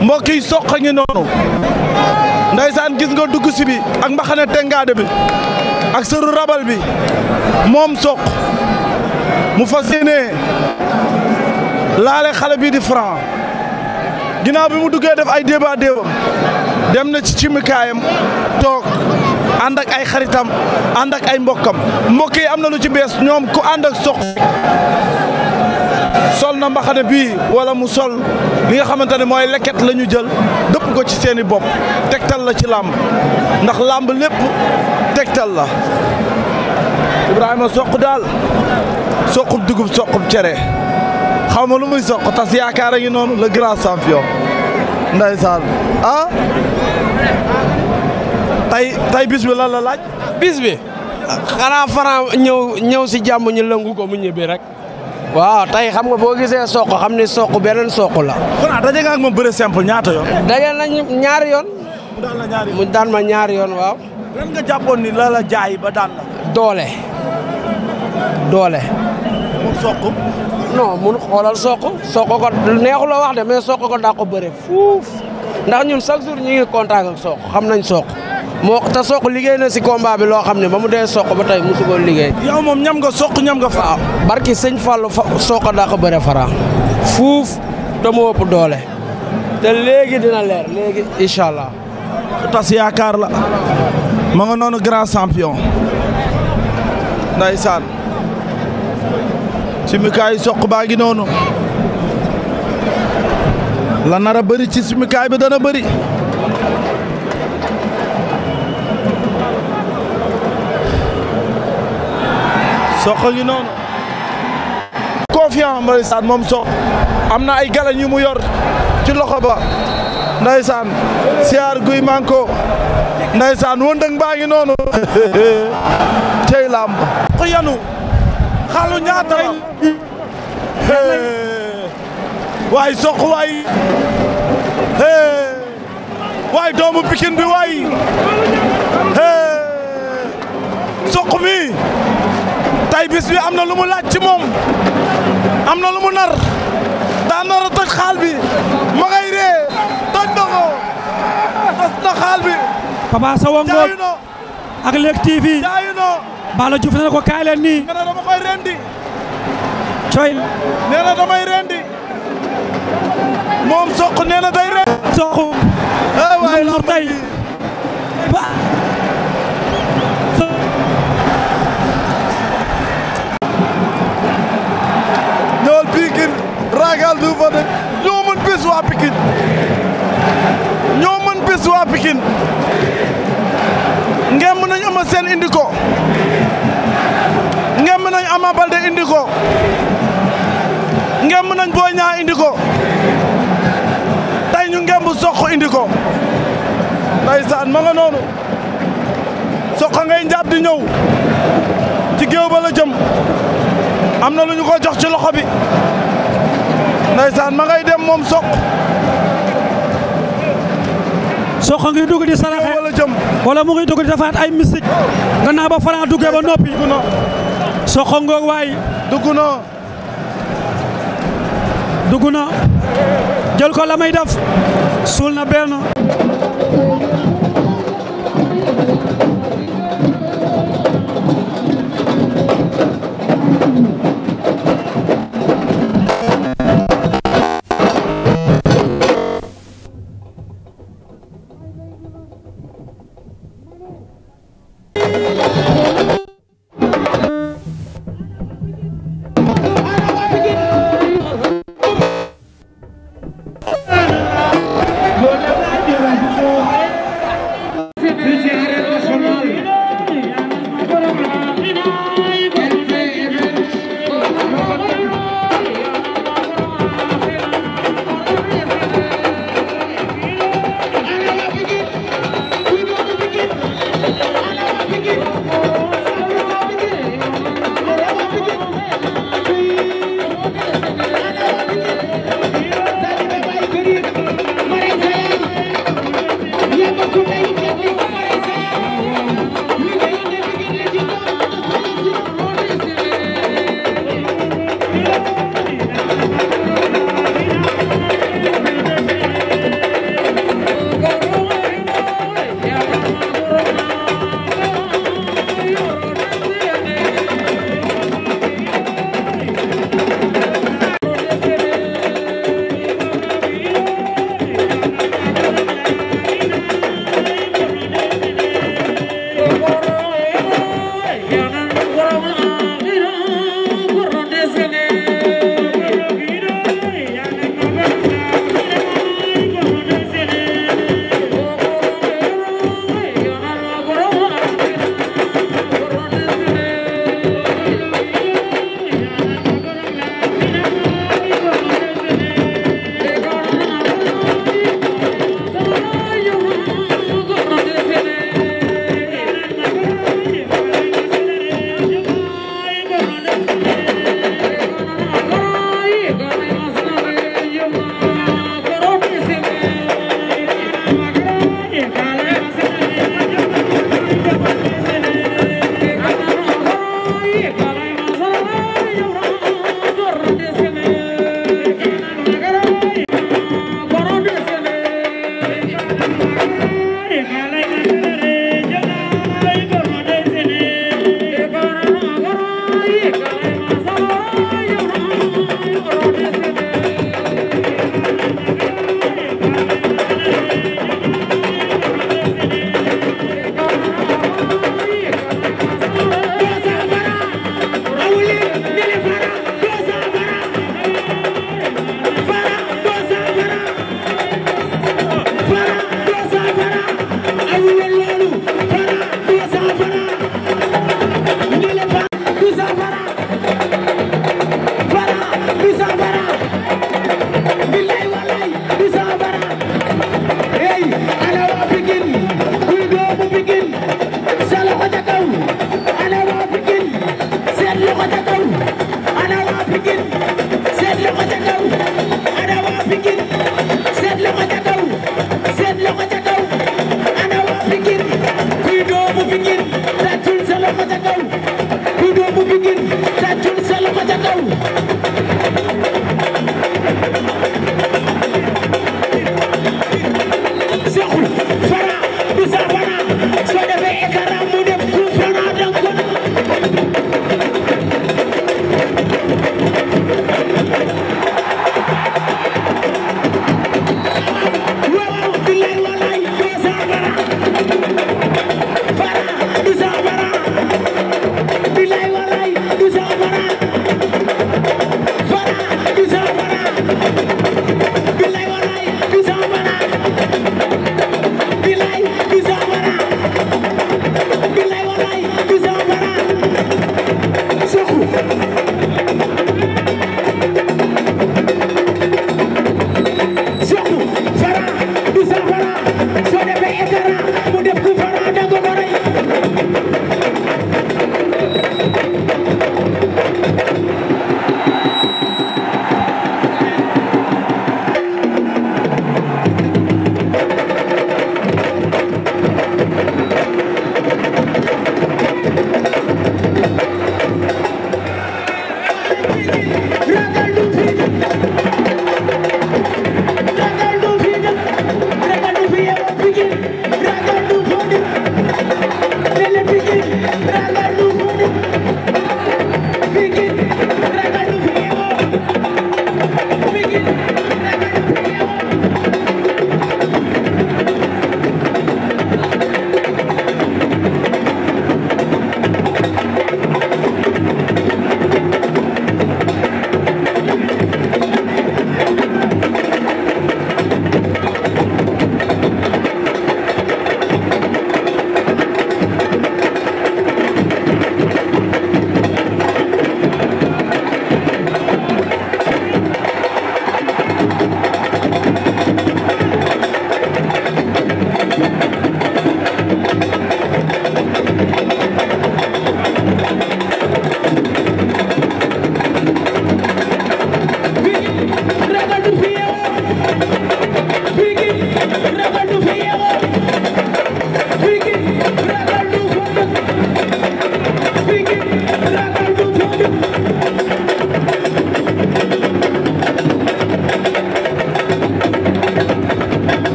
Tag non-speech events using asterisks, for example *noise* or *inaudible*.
mbokk yi soq a ngi noonu ndaysaan gis nga dugg si bi ak mbaxane tengaade bi ak sëru rabal bi moom soq mu fas yéene laale xale bii di Franc ginnaaw bi mu duggee def ay déeba déebam dem na ci cimikaayam toog ànd ak ay xaritam ànd ak ay mbokkam mbokk yi am na lu ci bees ñoom ku ànd ak soq sol na mbaxane bii wala mu sol li nga xamante ne mooy leket la ñu jël dëpp ko ci seeni bopp tegtal la ci làmb ndax làmb lépp tegtal la Ibrahima soq daal soqub dugub soqub cere xaw ma lu muy soq tas yaakaar a ngi noonu le grand champion ndeysaan ah tey tey bis bi lan la laaj bis bi xanaa Franc ñëw ñëw si jàmm ñu lëngu ko mu ñibbi rek waaw tey xam nga boo gisee soq xam ni soq beneen soq la. kon ah daje nga ak moom bëre ñaata yoon. daje nañu ñaari yoon. mu daan ma ñaari yoon waaw. jàppoon ni la la jaay ba daan la. doole. doole. moom soq. non mun xoolal sooko soq ko neexu la wax de mais soq ko daa ko fuuf ndax ñun chaque jour ñu ngi contact xam nañ soq. moo te soq liggéey na si combat bi loo xam ne ba mu dee soq ba tey mosu ko liggéey. yow moom ñam nga soq ñam nga faa. Ah, barki sëñ Fallou fa soq daa ko bëre fara fuuf te mu doole te léegi dina leer léegi incha allah. tas yaakaar la ma nga noonu grand champion. Ndeysaan simikaay soq baa ngi noonu la nara bëri ci simikaay bi dana bëri. soq ngi noonu confiant ndeysaan am na ay galañ yu mu yor ci loxo ba ndeysaan siyaar guy manko ndeysaan wëndëng baa noonu *laughs* cey làmb ko yanu xalu waay soq waay doomu pikin bi waay soq tey bis bi am na lu mu laaj ci moom am na lu mu nar daa nar xaal bi ma ree toj na ko tos na xaal bi. Papa Sow ak Leeg TV jaayu noo ko kaay nii. coy nee na damay rendi moom soq nee na day rendi. soq. ah eh, waay nar tey. Pikine ngemb nañ Eumeu Sène indi ko ngemb nañ Ama Baldé indi ko ngemb nañ Boy Niang indi ko tey ñu ngemb Sokh indi ko ndeysaan ma nga noonu Sokh ngay njàpp di ñëw ci géew ba la jëm am na lu ñu ko jox ci loxo bi ndeysaan ma ngay dem moom soq soo Sokh ngi dugg di saraxe wala mu ngi dugg di defaat ay mystique gannaaw ba Franc duggee ba noppi Sokh ngoog waay dugg noo dugg na jël ko la may def suul na benn